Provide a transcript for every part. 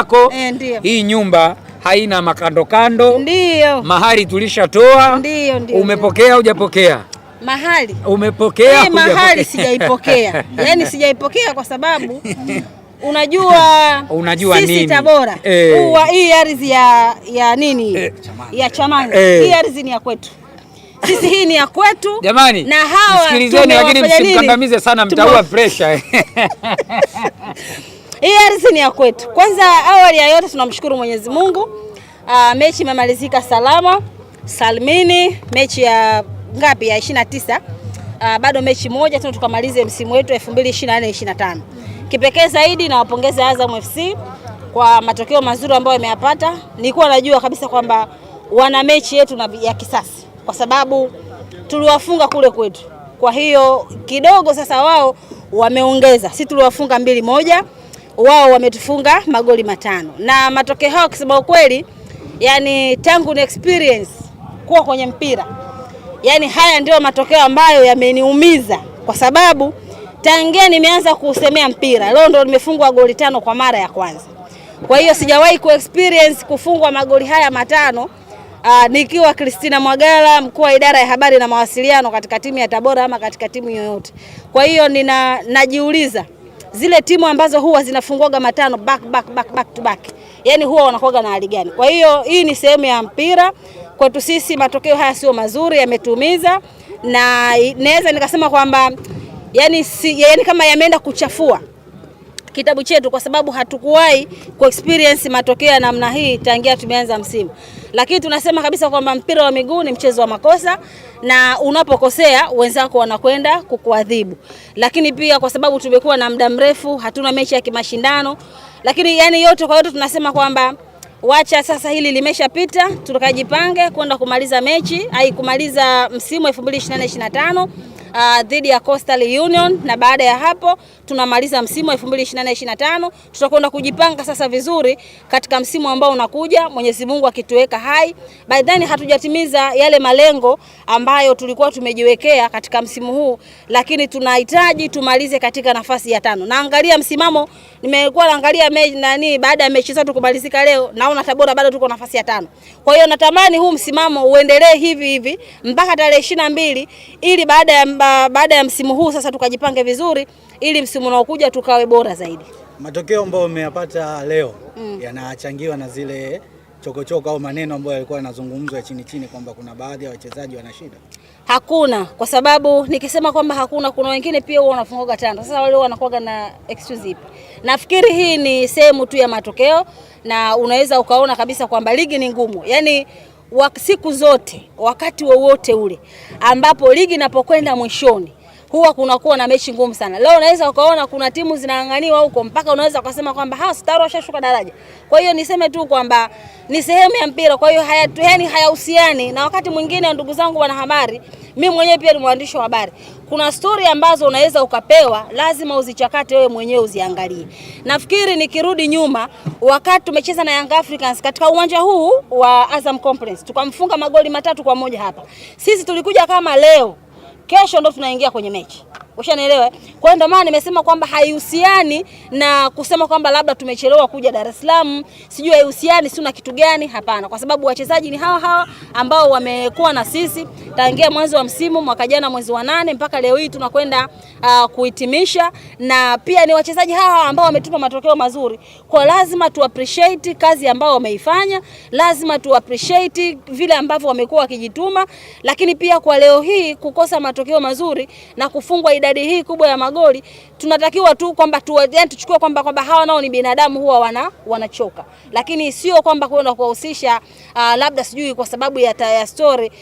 yako e, hii nyumba haina makandokando. Ndio. mahari tulishatoa. Ndio, ndio. Umepokea hujapokea? Mahali umepokea? Hii eh, mahali sijaipokea, yani sijaipokea kwa sababu unajua, unajua sisi nini? Tabora eh. huwa e. hii ardhi ya, ya nini e. ya Chamanga e. hii ardhi ni ya kwetu sisi hii ni ya kwetu jamani, na hawa sikilizeni, lakini msimkandamize sana, mtaua pressure Hii ardhi ni ya kwetu. Kwanza awali ya yote tunamshukuru Mwenyezi Mungu. Uh, mechi imemalizika salama salmini, mechi ya ngapi ya 29. Uh, ah, bado mechi moja tena tukamalize msimu wetu 2024 2025. Kipekee zaidi nawapongeza Azam FC kwa matokeo mazuri ambayo ameyapata. Nilikuwa najua kabisa kwamba wana mechi yetu na ya kisasi, kwa sababu tuliwafunga kule kwetu. Kwa hiyo kidogo sasa wao wameongeza, si tuliwafunga mbili moja wao wametufunga magoli matano, na matokeo hayo kusema ukweli, yani tangu ni experience kuwa kwenye mpira, yani haya ndio matokeo ambayo yameniumiza kwa sababu tangia nimeanza kusemea mpira leo ndo nimefungwa goli tano kwa mara ya kwanza. Kwa hiyo sijawahi ku experience kufungwa magoli haya matano aa, ah, nikiwa Christina Mwagala, mkuu wa idara ya habari na mawasiliano katika timu ya Tabora ama katika timu yoyote. Kwa hiyo nina najiuliza zile timu ambazo huwa zinafunguaga matano back, back, back, back to back, yaani huwa wanakuwaga na hali gani? Kwa hiyo hii ni sehemu ya mpira kwetu sisi. Matokeo haya sio mazuri, yametumiza na naweza nikasema kwamba yani, si, yani kama yameenda kuchafua kitabu chetu kwa sababu hatukuwahi ku experience matokeo ya namna hii tangia tumeanza msimu. Lakini tunasema kabisa kwamba mpira wa miguu ni mchezo wa makosa, na unapokosea wenzako wanakwenda kukuadhibu. Lakini pia kwa sababu tumekuwa na muda mrefu hatuna mechi ya kimashindano, lakini yani yote kwa yote tunasema kwamba wacha sasa hili limeshapita, tukajipange kwenda kumaliza mechi ai kumaliza msimu 2024 25 uh, dhidi ya Coastal Union, na baada ya hapo tunamaliza msimu 2024 2025 Tutakwenda kujipanga sasa vizuri katika msimu ambao unakuja, Mwenyezi Mungu akituweka hai. By then hatujatimiza yale malengo ambayo tulikuwa tumejiwekea katika msimu huu, lakini tunahitaji tumalize katika nafasi ya tano. Naangalia msimamo, nimekuwa naangalia mechi nani, baada ya mechi zetu kumalizika leo, naona Tabora bado tuko nafasi ya tano. Kwa hiyo natamani huu msimamo uendelee hivi hivi mpaka tarehe 22 ili baada ya kwamba baada ya msimu huu sasa tukajipange vizuri ili msimu unaokuja tukawe bora zaidi. Matokeo ambayo umeyapata leo mm. yanachangiwa na zile chokochoko au maneno ambayo yalikuwa yanazungumzwa chini chini kwamba kuna baadhi ya wachezaji wana shida? Hakuna, kwa sababu nikisema kwamba hakuna, kuna wengine pia huwa wanafungoga tanda. Sasa wale wanakuwaga na excuse ipi? Nafikiri hii ni sehemu tu ya matokeo, na unaweza ukaona kabisa kwamba ligi ni ngumu, yaani siku zote, wakati wowote ule ambapo ligi inapokwenda mwishoni huwa kunakuwa na mechi ngumu sana. Leo unaweza ukaona kuna timu zinaanganiwa huko mpaka unaweza ukasema kwamba hao Star washashuka daraja. Kwa hiyo niseme tu kwamba ni sehemu ya mpira, kwa hiyo haya yani hayahusiani. Na wakati mwingine, ndugu zangu wanahabari, mimi mwenyewe pia ni mwandishi wa habari, kuna stori ambazo unaweza ukapewa, lazima uzichakate wewe mwenyewe uziangalie. Nafikiri nikirudi nyuma, wakati tumecheza na Young Africans katika uwanja huu wa Azam Complex, tukamfunga magoli matatu kwa moja hapa. Sisi tulikuja kama leo, kesho ndo tunaingia kwenye mechi. Ushanielewa? Kwa hiyo ndio maana nimesema kwamba haihusiani na kusema kwamba labda tumechelewa kuja Dar es Salaam, sijui haihusiani, si una kitu gani? Hapana, kwa sababu wachezaji ni hawa hawa ambao wamekuwa na sisi tangia mwanzo wa msimu mwaka jana mwezi wa nane mpaka leo hii tunakwenda uh, kuhitimisha, na pia ni wachezaji hawa ambao wametupa matokeo mazuri, kwa lazima tu appreciate kazi ambayo wameifanya, lazima tu appreciate vile ambavyo wamekuwa wakijituma, lakini pia kwa leo hii kukosa matokeo mazuri na kufungwa idadi idadi hii kubwa ya magoli tunatakiwa tu kwamba tu, yani tuchukue kwamba kwamba hawa nao ni binadamu huwa wana, wanachoka, lakini sio kwamba kwenda kuwahusisha uh, labda sijui kwa sababu ya, ya story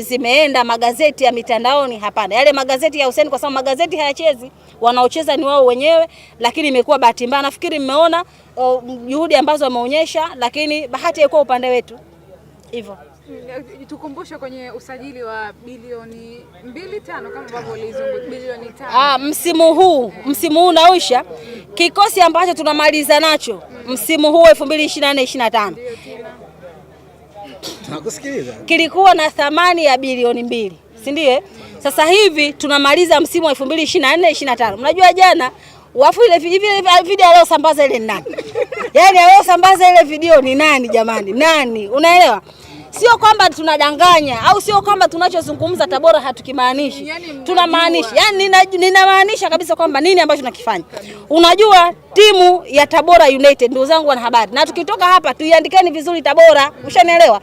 zimeenda magazeti ya mitandaoni. Hapana, yale magazeti ya Hussein, kwa sababu magazeti hayachezi, wanaocheza ni wao wenyewe, lakini imekuwa bahati mbaya. Nafikiri mmeona oh, juhudi ambazo wameonyesha, lakini bahati haikuwa upande wetu hivyo. Mm, tukumbushe kwenye usajili wa bilioni mbili tano kama ambavyo ulizungumza bilioni tano. Ah, msimu huu msimu huu unaisha, kikosi ambacho tunamaliza nacho msimu huu 2024 25 kilikuwa na thamani ya bilioni mbili, si ndiye? Eh? Sasa hivi tunamaliza msimu wa 2024 25. Mnajua jana wafu ile video aliyosambaza ile ni nani? Yaani aliyosambaza ile video ni nani jamani? Nani? Unaelewa? Sio kwamba tunadanganya au sio kwamba tunachozungumza Tabora hatukimaanishi, yaani, tunamaanisha. Yani ninamaanisha kabisa kwamba nini ambacho nakifanya. Unajua timu ya Tabora United, ndugu zangu wanahabari, na tukitoka hapa tuiandikeni vizuri Tabora, ushanielewa?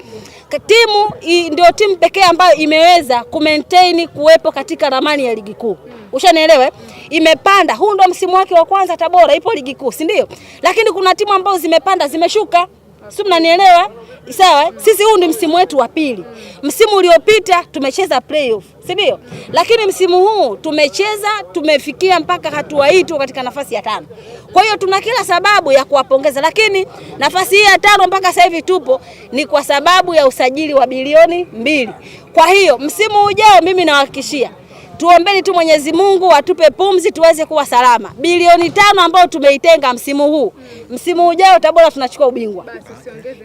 Timu ndio timu pekee ambayo imeweza kumaintain kuwepo katika ramani ya ligi kuu, ushanielewa? Imepanda, huu ndio msimu wake wa kwanza. Tabora ipo ligi kuu, si ndio? Lakini kuna timu ambazo zimepanda zimeshuka si mnanielewa? Sawa, sisi huu ndio msimu wetu wa pili. Msimu uliopita tumecheza playoff, si ndio? Lakini msimu huu tumecheza, tumefikia mpaka hatua hii, tu katika nafasi ya tano. Kwa hiyo tuna kila sababu ya kuwapongeza, lakini nafasi hii ya tano mpaka sasa hivi tupo ni kwa sababu ya usajili wa bilioni mbili. Kwa hiyo msimu ujao, mimi nawahakikishia Tuombeni tu Mwenyezi Mungu atupe pumzi tuweze kuwa salama. Bilioni tano ambayo tumeitenga msimu huu, msimu ujao Tabora tunachukua ubingwa.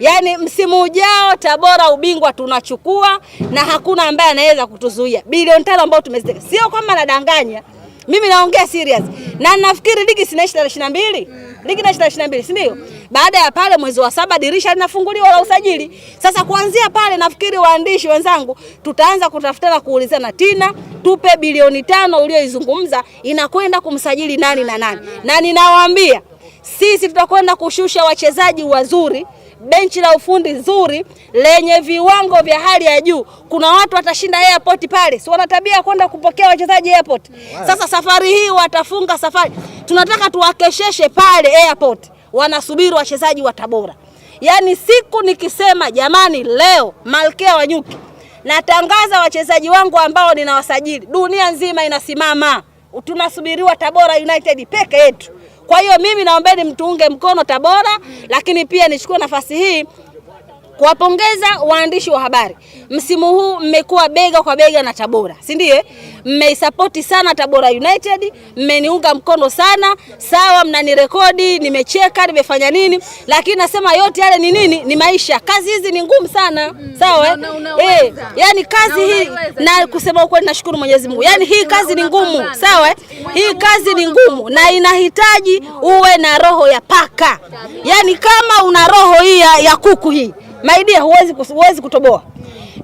Yaani msimu ujao Tabora ubingwa tunachukua, na hakuna ambaye anaweza kutuzuia. Bilioni tano ambayo tumezitenga, sio kwamba nadanganya, mimi naongea serious, na nafikiri ligi sinaishi tarehe ishirini na mbili mm. ligi na ishirini na mbili si ndio? Baada ya pale mwezi wa saba dirisha linafunguliwa la usajili. Sasa kuanzia pale, nafikiri waandishi wenzangu, tutaanza kutafutana kuulizana, Tina tupe bilioni tano ulioizungumza inakwenda kumsajili nani na nani, na ninawaambia sisi tutakwenda kushusha wachezaji wazuri benchi la ufundi nzuri lenye viwango vya hali ya juu. Kuna watu watashinda airport pale, si wana tabia ya kwenda kupokea wachezaji airport. Sasa safari hii watafunga safari, tunataka tuwakesheshe pale airport, wanasubiri wachezaji wa Tabora. Yaani siku nikisema jamani, leo malkia wa nyuki Natangaza wachezaji wangu ambao ninawasajili, dunia nzima inasimama, tunasubiriwa Tabora United peke yetu. Kwa hiyo mimi naombeni mtuunge mkono Tabora, lakini pia nichukue nafasi hii Kuwapongeza waandishi wa habari, msimu huu mmekuwa bega kwa bega na Tabora, si ndiye? Eh? Mmeisapoti sana Tabora United, mmeniunga mkono sana. Sawa, mnanirekodi, nimecheka, nimefanya nini, lakini nasema yote yale ni nini? Ni maisha. Kazi hizi ni ngumu sana, mm. sawa eh? eh yani kazi hii na kusema ukweli, nashukuru Mwenyezi Mungu, yani hii kazi ni ngumu, sawa eh? Hii kazi ni ngumu na inahitaji uwe na roho ya paka, yani kama una roho hii ya kuku hii maidia, huwezi, huwezi kutoboa.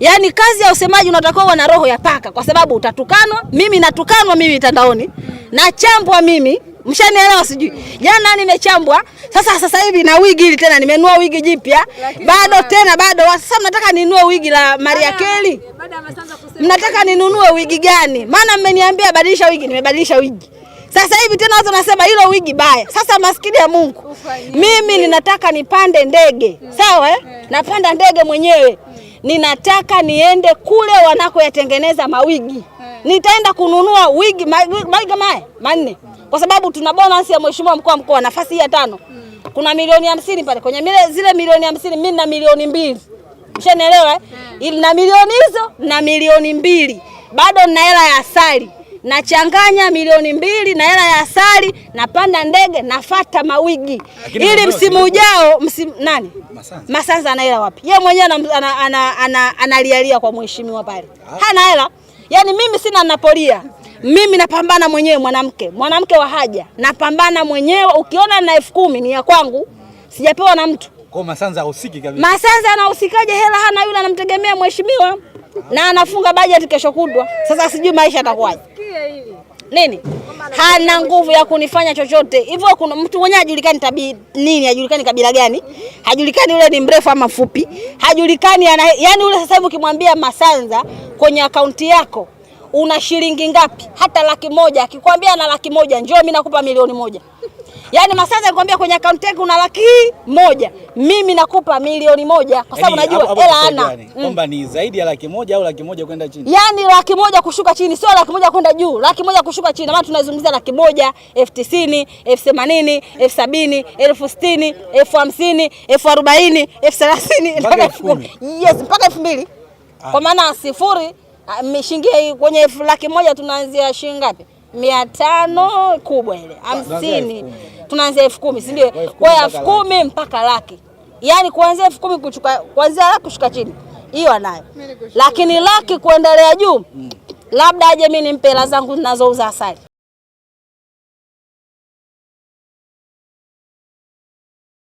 Yaani kazi ya usemaji unatakiwa uwe na roho ya paka, kwa sababu utatukanwa. Mimi natukanwa mimi mtandaoni nachambwa mimi Mshanielewa sijui. Jana nimechambwa. Sasa sasa hivi na wigi hili tena nimenua wigi jipya. Bado tena bado sasa mnataka ninunue wigi la Maria Kelly? Mnataka ninunue wigi gani? Maana mmeniambia badilisha wigi, nimebadilisha wigi. Sasa hivi tena watu nasema hilo wigi baya. Sasa maskini ya Mungu, mimi ninataka nipande ndege hmm. sawa, eh? hmm. napanda ndege mwenyewe, hmm. ninataka niende kule wanakoyatengeneza mawigi, nitaenda kununua wigi mawigi maya manne, kwa sababu tuna bonus ya mheshimiwa mkuu wa mkoa nafasi ya tano, kuna milioni hamsini pale kwenye mile, zile milioni hamsini mimi na milioni mbili mshanielewa, eh? na milioni hizo na milioni mbili bado nina hela ya asali nachanganya milioni mbili na hela ya asali, napanda ndege, nafata mawigi Akini ili msimu ujao msimu, nani Masanza, Masanza ana hela wapi? Yeye mwenyewe analialia ana, ana, ana kwa mheshimiwa pale, ah. hana hela. Yaani mimi sina napolia mimi napambana mwenyewe, mwanamke mwanamke wa haja, napambana mwenyewe. Ukiona na elfu kumi ni ya kwangu, sijapewa na mtu. Kwa Masanza hahusiki kabisa. Masanza anahusikaje? Hela hana yule, anamtegemea mheshimiwa na anafunga bajeti kesho kutwa. Sasa sijui maisha atakuwaje nini, hana nguvu ya kunifanya chochote hivyo. Kuna mtu mwenye hajulikani tabi nini, hajulikani kabila gani, hajulikani yule ni mrefu ama fupi, hajulikani ana, yani yule sasa hivi ukimwambia Masanza kwenye akaunti yako una shilingi ngapi, hata laki moja akikwambia na laki moja, njoo mimi nakupa milioni moja Yaani Masanja alikwambia kwenye akaunti yake una laki moja, mimi nakupa milioni moja kwa sababu unajua yaani hela ana mm. kwamba ni zaidi ya laki moja au laki moja kwenda chini. Yaani laki moja kushuka chini, sio laki moja kwenda juu, laki moja kushuka chini. Maana tunazungumzia laki moja, elfu tisini, elfu themanini, elfu sabini, elfu sitini, elfu hamsini, elfu arobaini, elfu thelathini yes, mpaka elfu mbili ah. kwa maana sifuri ah, mishingie kwenye laki moja tunaanzia shilingi ngapi? mia tano kubwa ile hamsini tunaanzia elfu kumi si eh, ndio? Kwa hiyo elfu kumi mpaka laki, yaani kuanzia elfu kumi kuanzia laki kushuka chini, hiyo anayo. Lakini laki kuendelea juu, mm. labda aje mimi nimpe hela zangu ninazouza asali.